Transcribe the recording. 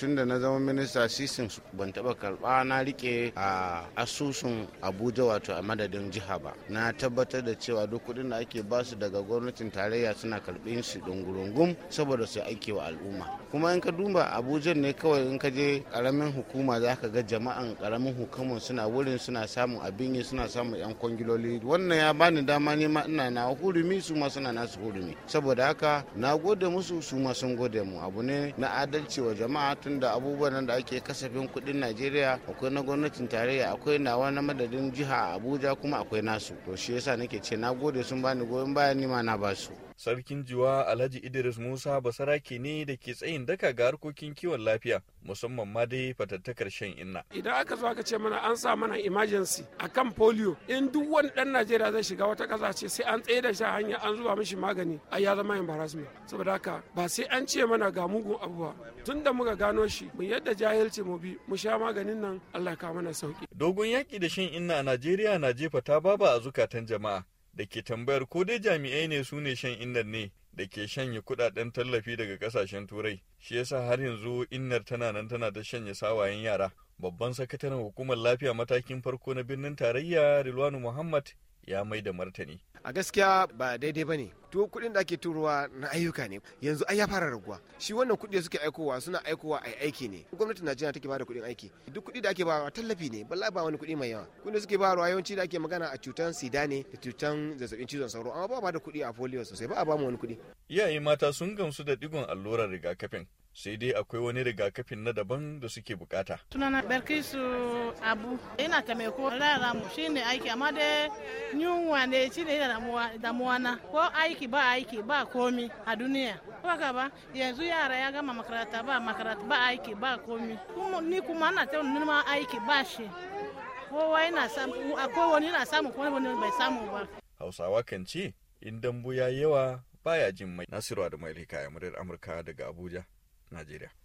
tun da na zama minista sisin ban taba karba na rike a asusun abuja wato a madadin jiha ba na tabbatar da cewa duk kudin da ake basu daga gwamnatin tarayya suna karbi su dungurungum saboda su aiki wa al'umma kuma in ka duba abuja ne kawai in ka je karamin hukuma za ka ga jama'an karamin hukumar suna wurin suna samun abin yi suna samun yan kwangiloli wannan ya bani dama ne ma ina na hurumi su ma suna nasu hurumi saboda haka na gode musu su ma sun gode mu abu ne na adalci wa jama'a da abubuwan da ake kasafin kudin najeriya akwai na gwamnatin tarayya akwai nawa na madadin jiha a abuja kuma akwai nasu to shi yasa nake ce na gode sun bani goyon bayan ni ma na basu sarkin jiwa alhaji idris musa basarake ne da ke tsayin daka ga harkokin kiwon lafiya musamman ma dai fatattakar shan inna idan aka zo aka ce mana an sa mana emergency akan polio in duk wani dan najeriya zai shiga wata kasa ce sai an tsaye da shi hanya an zuba mishi magani a ya zama embarrassment saboda haka ba sai an ce mana ga mugun abu ba tunda muka gano shi mu yadda jahilci mu bi mu sha maganin nan Allah ka mana sauki dogon yaki da shan inna a najeriya na jefa ta baba a zukatan jama'a da ke tambayar ko dai jami'ai ne su ne shan innar ne da ke shanye kudaden tallafi daga kasashen turai shi yasa har yanzu innar tana nan tana ta shanye sawayen yara babban sakataren hukumar lafiya matakin farko na birnin tarayya rilwanu muhammad ya mai da martani. A gaskiya ba daidai ba ne. To kuɗin da ake turowa na ayyuka ne yanzu ai ya fara raguwa. Shi wannan kuɗi da suke aikowa suna aikowa a aiki ne. Gwamnatin Najeriya take bada kuɗin aiki. Duk kuɗi da ake bawa tallafi ne balla ba wani kuɗi mai yawa. Kuɗin da suke bawa yawanci da ake magana a cutan sida ne da cutan zazzabin cizon sauro amma ba ba da kuɗi a polio sosai ba a ba mu wani kuɗi. Iyaye mata sun gamsu da digon allurar rigakafin sai dai akwai wani rigakafin na daban da suke bukata. Tunana Berkisu Abu ina ta mai ko raramu shi ne aiki amma dai yunwa ne shi ne damuwa na ko aiki ba aiki ba komi a duniya. Baka ba yanzu yara ya gama makaranta ba makaranta ba aiki ba komi. Ni kuma ana ta wani nima aiki ba shi. Kowa yana samu akwai wani yana samu kuma wani bai samu ba. Hausawa kan ce in dambu ya yawa baya jin mai Nasiru Adamu Alhika ya Amurka daga Abuja. Najeriya.